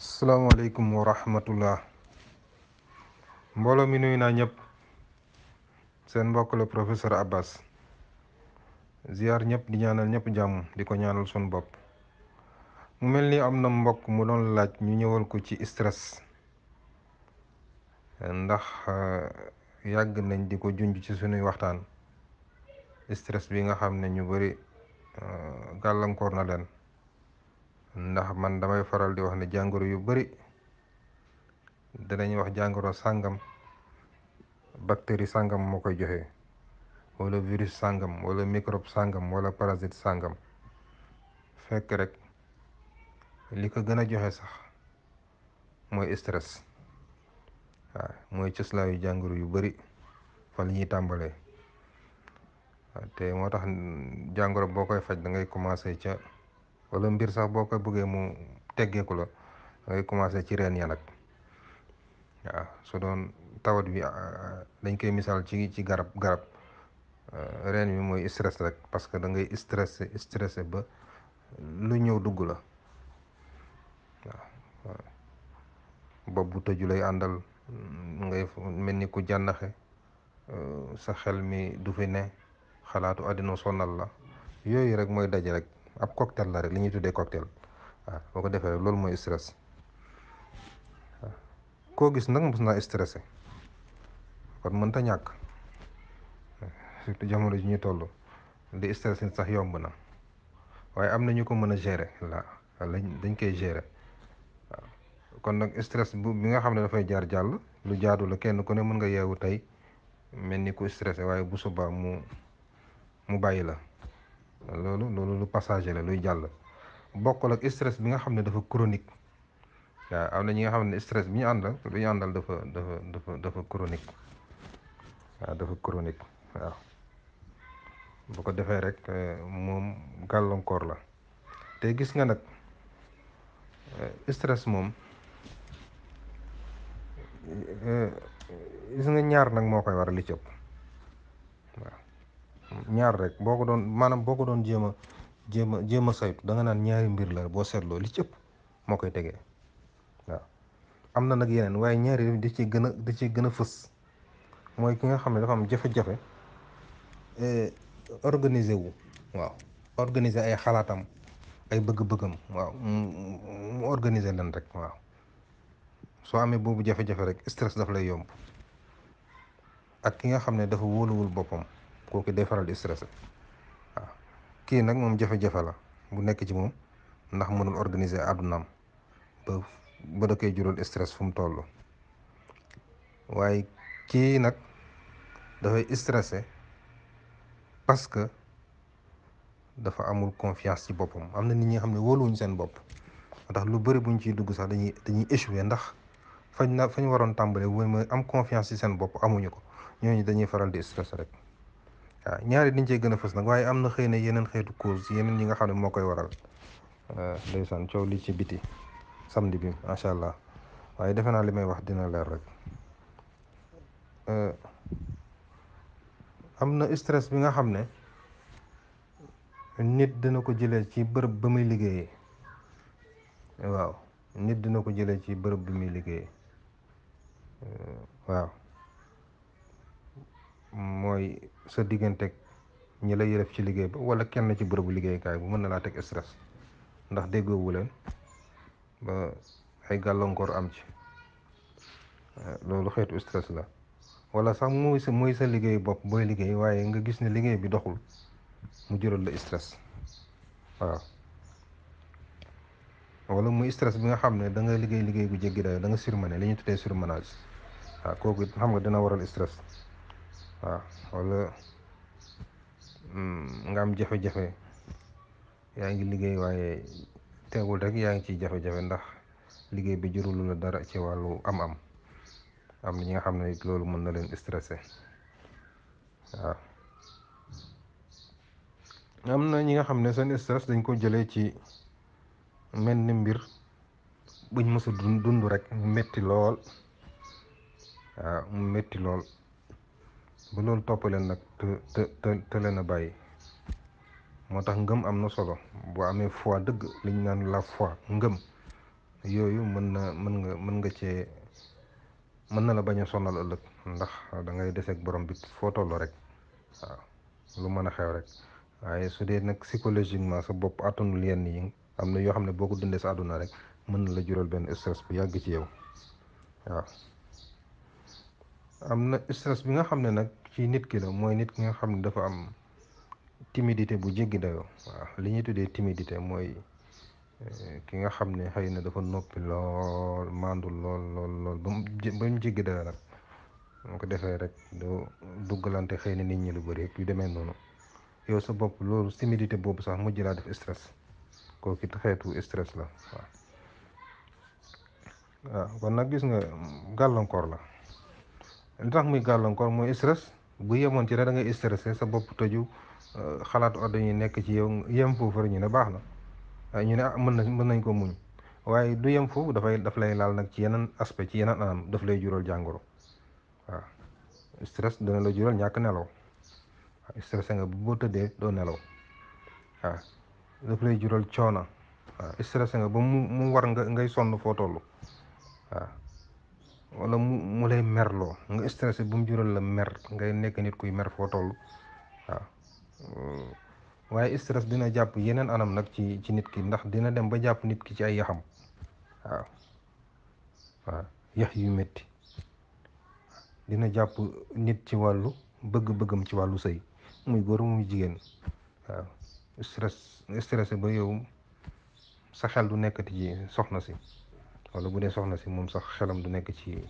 salaamaaleykum wa rahmatullah mbooloo mi nuyu naa ñëpp seen mbokk la professeur Abbas ziar ñëpp di ñaanal ñëpp jàmm di ko ñaanal suñu bopp mu mel ni am na mbokk mu doon laaj ñu ñëwal ko ci stress ndax eh, yàgg nañ di ko junj ci sunuy waxtaan stress bi nga xam ne ñu bari eh, gàllankoor na leen ndax man damay faral di wax ne jàngoro yu bari danañ wax jàngoro sàngam bactérie sàngam moo koy joxe wala virus sàngam wala microbe sàngam wala parasite sàngam fekk rek li ko gën a joxe sax mooy stress waaw mooy cëslaayu jàngoro yu bari fa la ñuy tàmbalee te moo tax jàngoro boo koy faj da ngay commencer ca. wala mbir sax boo ko bëggee mu teggeeku la dangay commencé ci reen ya nag waaw su doon tawat bi ah, dañ koy misaal ci ci garab garab eh, reen bi mooy stress rek parce que da ngay stressé stressé ba lu ñëw dugg la waaw bopp bu tëju lay àndal ngay mel ni ku jànnaxe eh, sa xel mi du fi ne xalaatu àddina sonal la yooyu rek mooy daje rek ab cocktail la rek li ñuy tuddee cocktail waaw boo ko defee loolu mooy stress koo gis nag mos naa stressé kon mën ta ñàkk surtout jamono ji ñuy toll di stress sax yomb na waaye am na ñu ko mën a gere la lañ dañ koy gérer kon nag stress bu bi nga xam ne dafay jaar jàll lu jaadu la kenn ku ne mën nga yeewu tey mel ni ku stressé waaye bu subaa mu mu bàyyi la. loolu loolu lu passager la luy jàll bokkul ak stress bi nga xam ne dafa chronique waaw am na ñi nga xam ne stress bi ñu àndal bi ñu àndal dafa dafa dafa dafa chronique waaw dafa chronique waaw bu ko defee rek euh, moom gàllankoor la te gis nga nag euh, stress moom euh, gis nga ñaar nag moo koy waral li cëpp waaw ñaar rek boo ko doon maanaam boo ko doon jéem a jéem a jéem a saytu danga naan ñaari mbir la boo seetloo li ci moo koy tegee waaw am na nag yeneen waaye ñaari da ci gën a da ci gën a fës mooy ki nga xam ne dafa am jafe-jafe eh, organiser wu waaw organiser ay xalaatam ay bëgg-bëggam waaw rek waaw soo amee boobu jafe rek stress daf lay yomb ak ki nga xam ne dafa wóoluwul boppam kooku day faral di stressé waaw kii nag moom jafe-jafe la bu nekk ci moom ndax mënul organiser àddunaam ba ba da koy jural stress fu mu waaye kii nag dafay stressé parce que dafa amul confiance ci boppam am na nit ñi nga xam ne wóoluwuñ seen bopp ndax lu bëri buñ ciy dugg sax dañuy dañuy échoué ndax fañ na fañ waroon tàmbalee mooy am confiance ci seen bopp amuñu ko ñooñu dañuy faral di stress rek. waaw ñaari dañ cee gën a fës nag waaye am na xëy na yeneen xeetu cause yeneen yi nga xam ne moo koy waral euh, ndeysaan coow li ci biti samedi bi macha allah waaye defe naa li may wax dina leer rek euh, am na stress bi nga xam ne nit dina ko jëlee ci bërëb ba muy liggéeyee waaw nit dina ko jëlee ci bërëb bi muy liggéeyee euh, waaw sa digganteeg ñi la yërëf ci liggéey ba wala kenn ci bërëbu liggéeykaay bu mën na laa teg stress ndax déggoowu leen ba ay gàllankoor am ci eh, loolu xeetu stress la wala sax mooy sa mooy sa liggéey bopp booy liggéey waaye nga gis ne liggéey bi doxul mu jural la stress waaw wala muy stress bi nga xam ne da nga liggéey liggéey bu jéggi dayo da nga surmené li ñu tuddee surmenage waaw kooku xam nga dina waral stress waaw wala mm, nga am jafe-jafe yaa ngi liggéey waaye teewul rek yaa ngi ciy jafe-jafe ndax liggéey bi jurulu la dara ci wàllu am-am am na ñi nga xam ne loolu mën na leen stressé waaw am na ñi nga xam ne seen stress dañ ko jëlee ci mel ni mbir buñ mësa dund rek metti lool mu metti lool ba loolu topp leen nag te te te leen a bàyyi moo tax ngëm am na solo boo amee foi dëgg li ñu naan la fois ngëm yooyu mën na mën nga mën nga cee mën na la bañ a sonal ëllëg ndax dangay ngay borom bi foo toll rek waaw lu mën a xew rek waaye su dee nag psychologiquement sa bopp attanul yenn yi am na yoo xam ne boo ko dundee sa àdduna rek mën na la juróol benn stress bu yàgg ci yow waaw. am na stress bi nga xam ne nag ci nit ki la mooy nit ki nga xam ne dafa am timidité bu jéggi dayoo waa li ñuy tuddee timidité mooy eh, ki nga xam ne xëy na dafa noppi lool mandu lool lool lool ba mu ba mu jéggi dayoo nag moo ko defee rek doo duggalante xëy na nit ñi lu bëri yu demee noonu yow sa bopp loolu timidité boobu sax mujj laa def stress kooku it xeetu stress la waaw kon nag gis nga gàllankoor la. li tax muy gàllankoor mooy stress bu yemoon ci ne da ngay stressé sa bopp tëju euh, xalaat ordre yi nekk ci yow yem foofu rek ñu ne baax na ñu ne ah mën nañ mën nañ ko muñ waaye du yem foofu dafay daf lay laal nag ci yeneen aspect ci yeneen anam daf lay juróol jàngoro waaw stress dana la jural ñàkk nelaw waaw stressé nga boo tëddee doo nelaw waaw daf lay jural coona waaw nga ba mu mu war nga ngay sonn foo toll waaw wala mu mu lay merloo nga stressé bu mu jural la mer ngay nekk nit kuy mer foo toll waaw waaye stress dina jàpp yeneen anam nag ci ci nit ki ndax dina dem ba jàpp nit ki ci ay yaxam waaw yax yu metti dina jàpp nit ci wàllu bëgg-bëggam ci wàllu sëy muy góor muy jigéen waaw stress stressé ba yow sa xel du nekkati ci soxna si wala bu dee soxna si moom sax xelam du nekk ci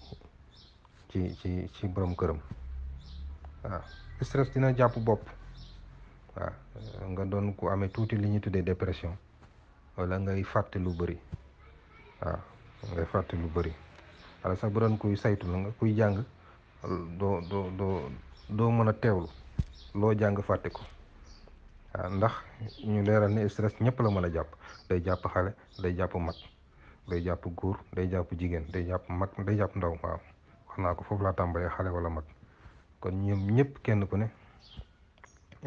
ci ci ci borom këram waaw stress dina jàpp bopp waa nga doon ku amee tuuti li ñuy tuddee dépression wala ngay fàtte lu bari waaw ngay fàtte lu bari wala sax bu doon kuy saytu la nga kuy jàng doo doo doo doo mën a teewlu loo jàng fàtte ko waaw ndax ñu leeral ne stress ñëpp la mën a jàpp day jàpp xale day jàpp mag day jàpp góor day jàpp jigéen day jàpp mag day jàpp ndaw waaw wax naa ko foofu laa tàmbalee xale wala mag kon ñoom ñëpp kenn ku ne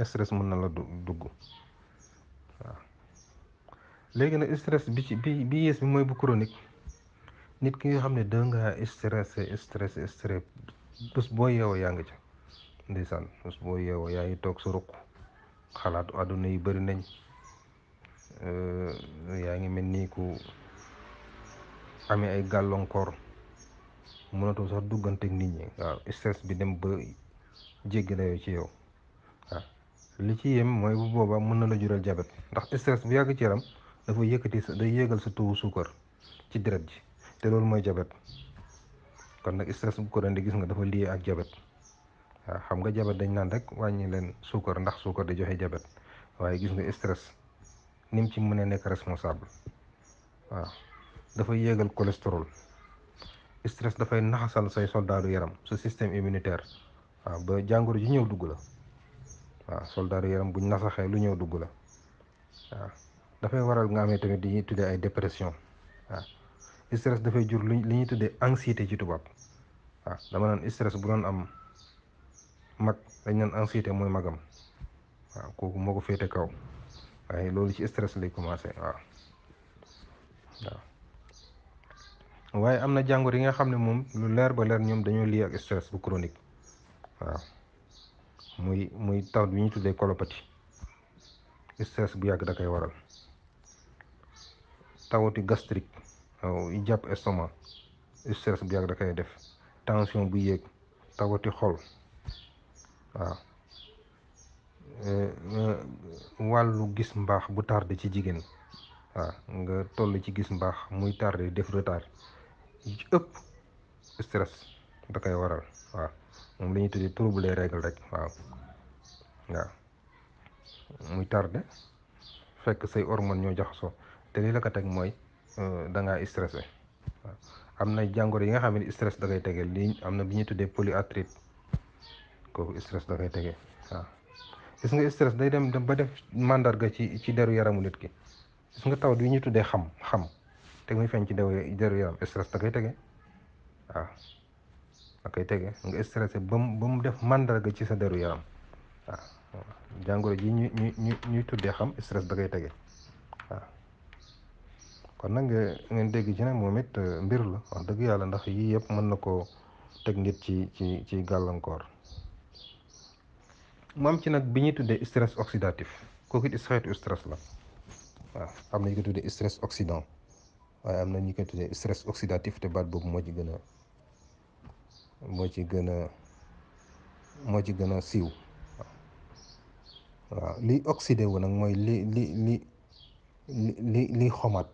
stress mën na la dugg waaw léegi nag stress bi ci bi bi bi mooy bu chronique nit ki nga xam ne da ngaa stressé stressé stress bés boo yeewoo yaa ngi ca ndeysaan bés boo yeewoo yaa ngi toog sa ruq xalaatu yi bëri nañ yaa ngi mel nii ku amee ay gàllankoor mënatul sax duggante ak nit ñi waaw stress bi dem ba jéggi dayoo ci yow waaw li ci yem mooy bu booba mën na la jural jabet ndax stress bu yàgg ci yaram dafa yëkkati sa day yéegal sa tuwu suukar ci deret ji te loolu mooy jabet kon nag stress bu ko doon di gis nga dafa liyee ak jabet waaw xam nga jabet dañ naan rek wàññi leen suukar ndax suukar da joxe jabet waaye gis nga stress ni mu ci mënee nekk responsable waaw dafay yéegal cholestérol stress dafay naxasal say soldaadu yaram sa système immunitaire waaw ba jàngoro ji ñëw dugg la waaw soldaadu yaram buñ nasaxee lu ñëw dugg la waaw dafay waral nga amee tamit li ñuy tuddee ay dépression waaw stress dafay jur li ñuy tuddee anxiété ci tubaab waaw dama naan stress bu doon am mag dañ naan anxiété mooy magam waaw kooku moo ko féete kaw waaye loolu ci stress lay commencé waaw waaw waaye am na jàngoro yi nga xam ne moom lu leer ba leer ñoom dañoo lii ak stress bu chronique waaw muy muy taw bi ñu tuddee kolopati stress bu yàgg da koy waral tawati gastrique waaw yi jàpp estomac stress bu yàgg da koy def tension bu yéeg tawati xol waaw eh, eh, wàllu gis mbaax bu tardé ci jigéen waaw nga toll ci gis mbaax muy tardé def retard yi ci ëpp stress da koy waral waaw moom la ñuy tuddee trouble les règles rek waaw waaw muy tardé fekk say hormone ñoo jaxasoo te lii la ko teg mooy euh, danga ngaa stressé waaw am na jàngoro yi nga xam ne stress da koy tege lii am na bi ñuy tuddee polyarthrite kooku stress da koy tege waaw gis nga stress day dem ba def màndarga ci ci deru yaramu nit ki gis nga taw yi ñuy tuddee xam xam. teg muy feeñ ci daw deru yaram stress da koy tege waaw da koy tege nga stressé ba mu def màndarga ci sa deru yaram waaw jàngoro ji ñu ñu ñuy tuddee xam stress da koy tege waaw kon nag ngeen dégg ci ne moom it euh, mbir la wax dëgg yàlla ndax yii yëpp mën na koo teg nit ci ci ci gàllankoor moom ci nag bi ñuy tuddee stress oxidatif kooku it xeetu stress la waaw am na ñu ko tuddee stress oxydant waaye am na ñu koy tuddee stress oxydatif te baat boobu moo ci gëna moo ci gën a moo ci gën a siiw waaw liy oxydé wu nag mooy li li li li liy xomaat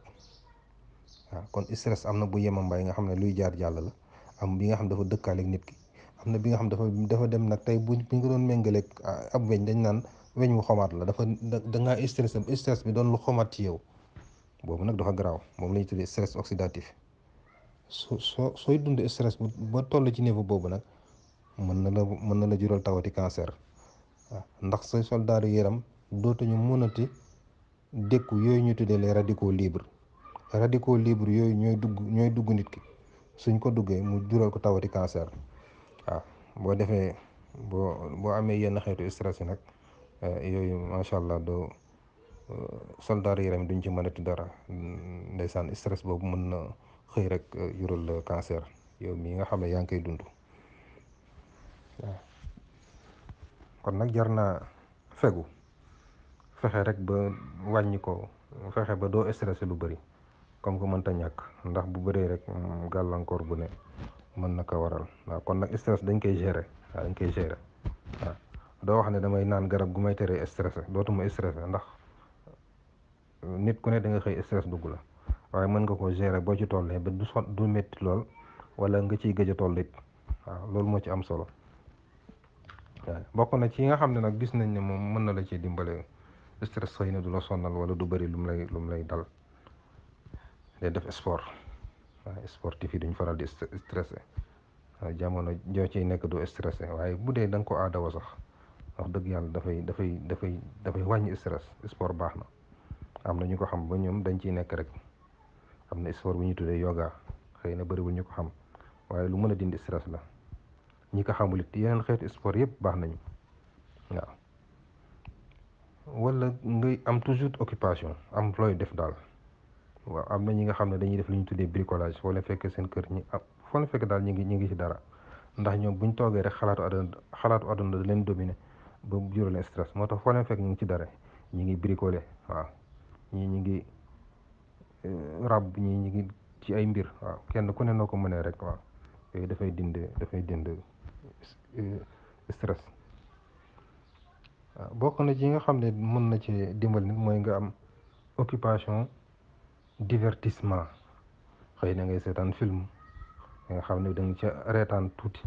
waaw kon stress am na bu yemambaay nga xam ne luy jaar jàll la am bi nga xam dafa dëkkaaleeg nit ki am na bi nga xam dafa dafa dem nag tey bu ñu ko doon méngaleeg ah, ab weñ dañ naan weñ wu xomaat la dafa da ngaa stress stress bi doon lu xomaat ci yow boobu nag dafa garaaw moom la ñuy tuddee stress oxydatif soo soo sooy dund stress ba toll ci niveau boobu nag mën na la mën na la jural tawati cancer ah, ndax say soldaaru yaram dootuñu mënati dékku yooyu ñu tuddee les radicaux libres radicaux libres yooyu ñooy dugg ñooy dugg nit ki suñ ko duggee mu jural ko tawati cancer waaw ah, boo defee boo boo amee yenn xeetu stress yi nag eh, yooyu macha allah doo. Euh, soldats yi tamit duñ ci mënati dara mm, ndeysaan stress boobu mën na xëy rek yural euh, cancer yow mii nga xam ne yaa ngi koy dund kon nag jar naa fegu fexe rek ba wàññi ko fexe ba doo stressé lu bëri comme que mënta ñàkk ndax bu bëree rek mm, gàllankoor bu ne mën na ko waral waaw kon nag stress dañ koy gérer dañ koy gérer doo wax ne damay naan garab gu may teree stressé dootuma stressé ndax. nit ku ne da nga xëy stress dugg la waaye mën nga koo gérer boo ci tollee ba du so du métti lool wala nga ciy gëj a toll it waaw loolu moo ci am solo waaw bokk na ci yi nga xam ne nag gis nañ ne moom mën na la ci dimbale stress xëy na du la sonnal wala du bëri lu mu lay lu lay dal day def sport waaw sportif yi duñ faral di stressé waaw jamono joo ciy nekk du stressé waaye bu dee danga nga ko aadawa sax wax dëgg yàlla dafay dafay dafay dafay wàññi stress sport baax na am na ñu ko xam ba ñoom dañ ciy nekk rek am na sport bu ñu tuddee yoga xëy na bëriwul ñu ko xam waaye lu mën a dindi stress la ñi ko xamul it yeneen xeetu sport yëpp baax nañu waaw wala ngay am toujours occupation am looy def daal waaw am na ñi nga xam ne dañuy def lu ñu tuddee bricolage foo leen fekk seen kër ñi am ah, foo leen fekk daal ñu ngi ñu ngi ci dara ndax ñoom bu toogee rek xalaatu àdduna xalaatu àdduna da leen dominer ba jural leen stress moo tax foo leen fekk ñu ngi ci dara ñu ngi bricoler waaw ñi ñu ngi eh, ràbb ñi ñu ngi ci ay mbir waaw kenn ku ne noo ko mënee rek waaw yooyu dafay dind dafay dind eh, stress waaw bokk na ci nga xam ne mën na ci dimbal nit mooy nga am occupation divertissement xëy na ngay seetaan film nga xam ne da nga ca reetaan tuuti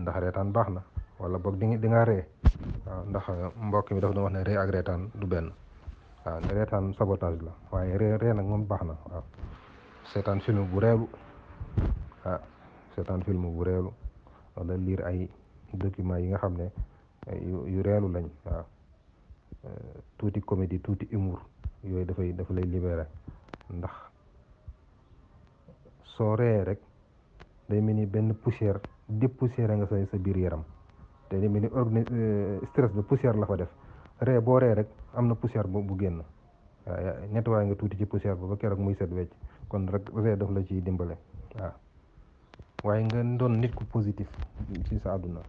ndax baax na wala boog di nga di ree waaw ndax mbokk mi dafa doon wax ne ree ak reetaan du benn waaw reetaan sabotage la waaye ree nag moom baax na waaw bu reelu ah seetaan film bu reelu wala ay document yi nga xam ne yu reelu lañ waaw euh, tuuti comédie tuuti humour yooyu dafay dafa lay libéré ndax soo ree rek day mel ni benn poussière dépoussière nga sa sa biir yaram te day mel ni euh, stress de poussière la fa def ree boo ree rek am na poussière bu bu génn waaw nettoyé nga tuuti ci poussière ba ba keroog muy set wecc kon rek ree daf la ciy dimbale waaw waaye nga doon nit ku positif ci sa àdduna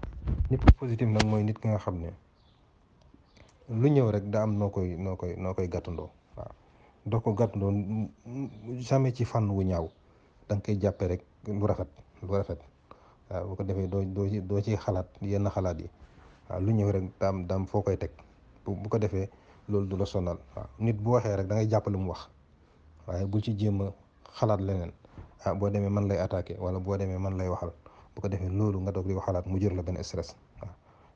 nit ku positif nag mooy nit ki nga xam ne lu ñëw rek da noo koy noo koy noo koy gàttandoo waaw ko gàttandoo jamais ci fànn wu ñaaw da koy jàppe rek lu rafet rafet waaw ko defee doo doo doo ci xalaat yenn xalaat yi lu ñëw rek daam daam foo koy teg bu ko defee loolu du la sonal waaw nit bu waxee rek da ngay jàpp lu mu wax waaye bu ci jéem a xalaat leneen ah boo demee man lay attaqué wala boo demee man lay waxal bu ko defee loolu nga doog di xalaat mu jër la benn stress waaw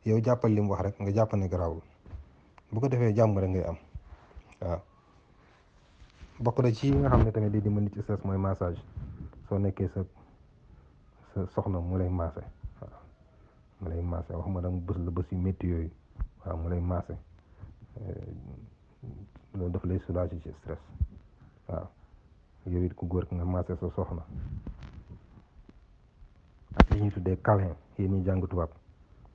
yow jàppal li mu wax rek nga jàpp ne garaawul bu ko defee jàmm ngay am waaw bokk na ci nga ne tamit di dimbali ci stress mooy massage soo nekkee sa soxna mu lay maase waaw mu lay maase waxuma danga yooyu waaw mu lay maase Euh, loolu def lay soulager ci stress waaw yow it ku góor ki nga maase sa soxna ak li ñuy tuddee câlin yéen ñi jàng tubaab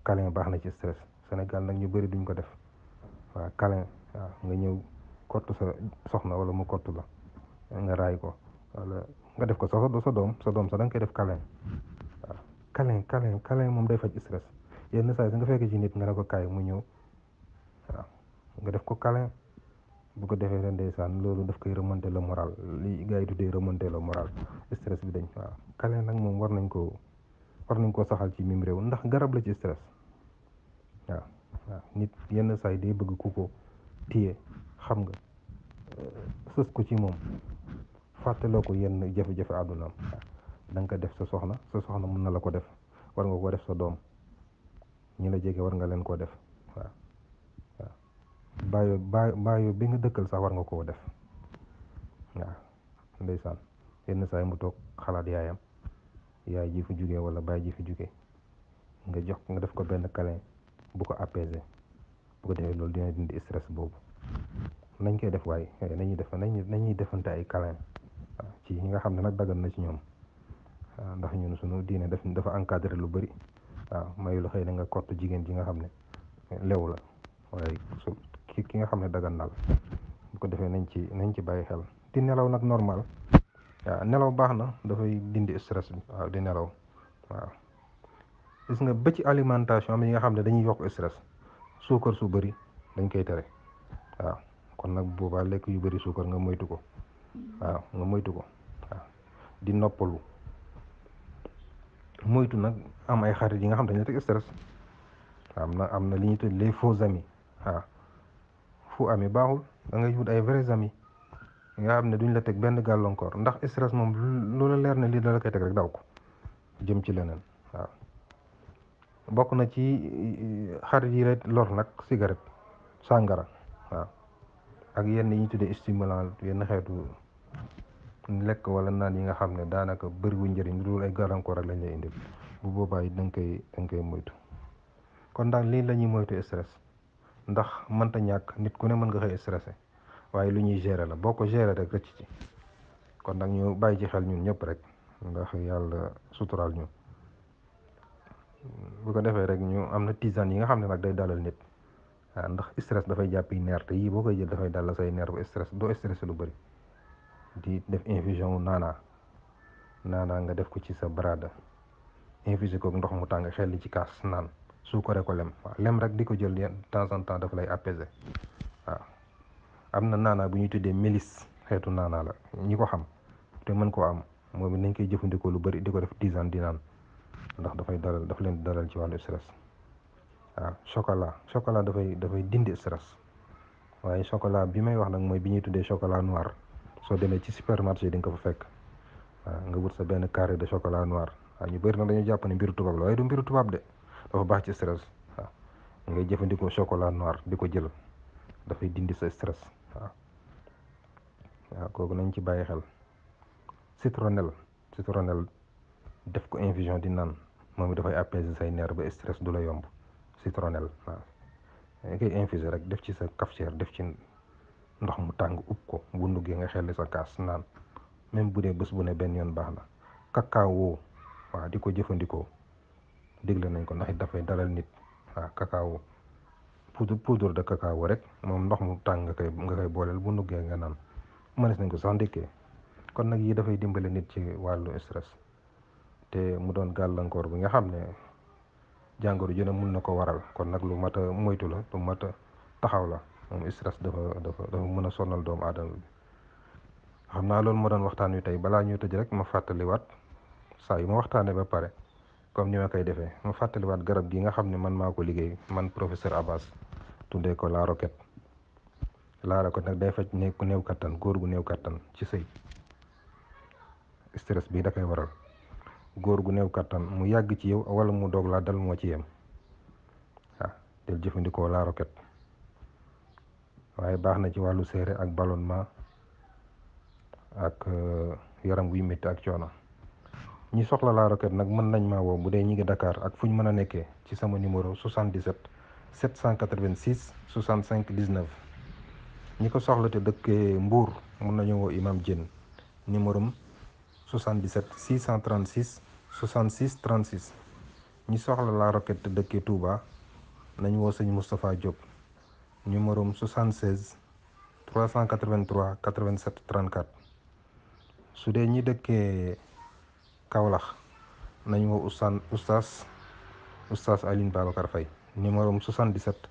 câlin baax na ci stress Sénégal nag ñu bari duñ ko def waaw câlin nga ñëw kott sa soxna wala mu kott la nga raay ko wala nga def ko sa sa doom sa doom sa da nga koy def câlin waaw câlin câlin câlin moom day faj stress yenn saa yi nga fekk ci nit nga ne ko kaay mu ñëw. nga def ko câlin bu ko defee ren ndeysaan loolu daf koy remonter le moral li gars yi tuddee remonter le moral stress bi dañ waaw câlin nag moom war nañ koo war nañ koo saxal ci mim réew ndax garab la ci stress waaw nit yenn saa yi day bëgg ku ko tiye xam nga euh, sës ko ci moom fàttaloo ko yenn jafe-jafe àddunaam da nga ko def sa soxna sa soxna mun na la ko def war nga ko def sa doom ñu la jege war nga leen koo def waaw baayo baayo bi nga dëkkal sax war nga koo def waaw ndeysaan yenn saa yi mu toog xalaat yaayam yaay ji fu jugee wala baay ji fi jugee nga jox nga def ko benn câlin bu ko apaiser bu ko defee loolu dina dindi stress boobu nañ koy def waaye eh, nañuy def nañuy defante ay câlin ci ñi nga xam ne nag daggan na ci ñoom ndax ñun suñu diine def dafa encadré lu bari waaw mayu la xëy na nga kott jigéen ji nga xam ne lew la ki ki nga xam ne dagan na la bu ko defee nañ ci nañ ci bàyyi xel di nelaw nag normal waaw nelaw baax na dafay dindi stress bi waaw di nelaw waaw gis nga ba alimentation am yi nga xam ne dañuy yokk stress suukar su bëri dañ koy tere waaw kon nag boobaa lekk yu bëri suukar nga moytu ko nga moytu ko di noppalu moytu nag am ay xarit yi nga xam dañu teg stress am na am li ñuy tëdd les faux amis waaw fu amee baaxul da ngay wut ay vrais amis nga xam ne duñ la teg benn gàllankoor ndax stress moom loola leer na lii dala koy teg rek daw ko jëm ci leneen waaw bokk na ci eh, xarit yi rek lor nag cigarette sàngara waaw ak yenn yi ñu tuddee stimulant yenn xeetu lekk wala naan yi nga xam ne daanaka bëriwu njëriñ lu dul ay gàllankoor ak lañ lay indi bu boobaa it da koy da koy moytu kon daal lii lañuy ñuy moytu stress ndax mënta ñàkk nit ku ne mën nga xëy stressé waaye lu ñuy gérer la boo ko gérer rek rëcc ci kon nag ñu bàyyi ci xel ñun ñëpp rek ndax yàlla suturaal ñu bu ko defee rek ñu am na tisane yi nga xam ne nag day dalal nit waaw ndax stress dafay jàppi nerf te yii boo koy jël dafay dalal say nerf bu stress doo stressé lu bëri di def infusion wu naanaa naanaa nga def ko ci sa baraada infusé ko ndox mu tàng xel li ci kaas naan suukare ko lem waaw lem rek di ko jël de temps en temps dafa lay apaiser waaw am na naanaa bu ñuy tuddee mélis xeetu naanaa la ñi ko xam te mën ko am moom it nañ koy jëfandikoo lu bëri di ko def dix ans di naan ndax dafay dalal dafa leen dalal ci wàllu stress waaw chocolat chocolat dafay dafay dindi stress waaye chocolat bi may wax nag mooy bi ñuy tuddee chocolat noir soo demee ci supermarché di nga ko fa fekk nga wut sa benn carré de chocolat noir waaw ñu bëri na dañu jàpp ne mbiru tubaab la du mbiru tubaab de dafa baax ci stress waaw ngay jëfandikoo chocolat noir di ko jël dafay dindi sa stress waaw kooku nañ ci bàyyi xel citronnelle citronnelle def ko infusion di naan moom dafay apaiser say nerf ba stress du la yomb citronnelle waaw dañ koy infuser rek def ci sa cafetière def ci ndox mu tàng ub ko bu nuggee nga xelli sa kaas naan même bu dee bés bu ne benn yoon baax na cacao waaw di ko jëfandikoo dégle nañ ko ndax it dafay dalal nit waaw cacao poudre poudre de rek moom ndox mu tàng nga koy nga koy booleel bu nuggee nga naan mënees nañ ko sax ndékkee kon nag yi dafay dimbale nit ci wàllu stress te mu doon gàllankoor bi nga xam ne jàngoro ju ne mun na ko waral kon nag lu mat a moytu la lu mat taxaw la moom stress dafa dafa mën a sonal doomu aadama bi xam naa loolu moo doon waxtaan wi tey balaa ñuy tëj rek ma fàttaliwaat saa yu ma waxtaanee ba pare comme ni ma koy defee ma fàttaliwaat garab gi nga xam ne man maa ko liggéey man professeur Abbas tuddee ko la roquette la roquette nag day faj ne néew kattan góor gu néew kattan ci sëy stress bi da koy waral góor gu néew kattan mu yàgg ci yow wala mu doog laa dal moo ci yem waaw del jëfandikoo la roquette waaye baax na ci wàllu seere ak ballonnement ak euh, yaram wuy métti ak coono. ñi soxla la roquette nag mën nañ ma woo bu dee ñi ngi Dakar ak fu ñu mën a nekkee ci sama numéro 77 786 65 19 ñi ko soxla te dëkkee Mbour mën nañu woo Imam Dieng numéro 77 636 66 36 ñi soxla la roquette te dëkkee Touba nañ woo sëñ Moustapha Diop numéro 76 383 87 34 su dee ñi dëkkee. Kaolack nañ woo oustaz oustaz oustaz Alioune Babacar Faye numéro am 77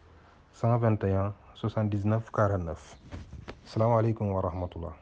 121 79 49 salaamaaleykum wa rahmatullah